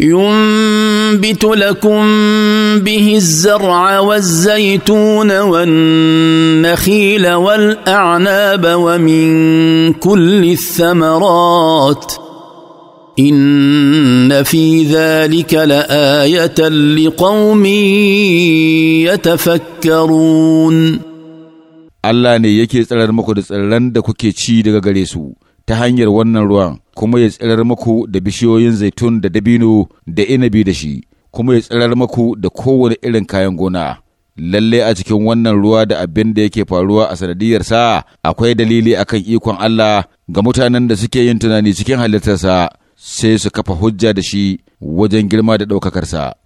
ينبت لكم به الزرع والزيتون والنخيل والاعناب ومن كل الثمرات ان في ذلك لايه لقوم يتفكرون الله ne yake tsirar muku da tsirran da kuke ci daga gare su ta hanyar wannan ruwan kuma ya tsirar maku da bishiyoyin zaitun da dabino da inabi da shi kuma ya tsirar maku da kowane irin kayan gona lalle a cikin wannan ruwa da abin da yake faruwa a sanadiyarsa akwai dalili akan ikon Allah ga mutanen da suke yin tunani cikin halittarsa sai su kafa hujja da shi wajen girma da ɗaukakarsa.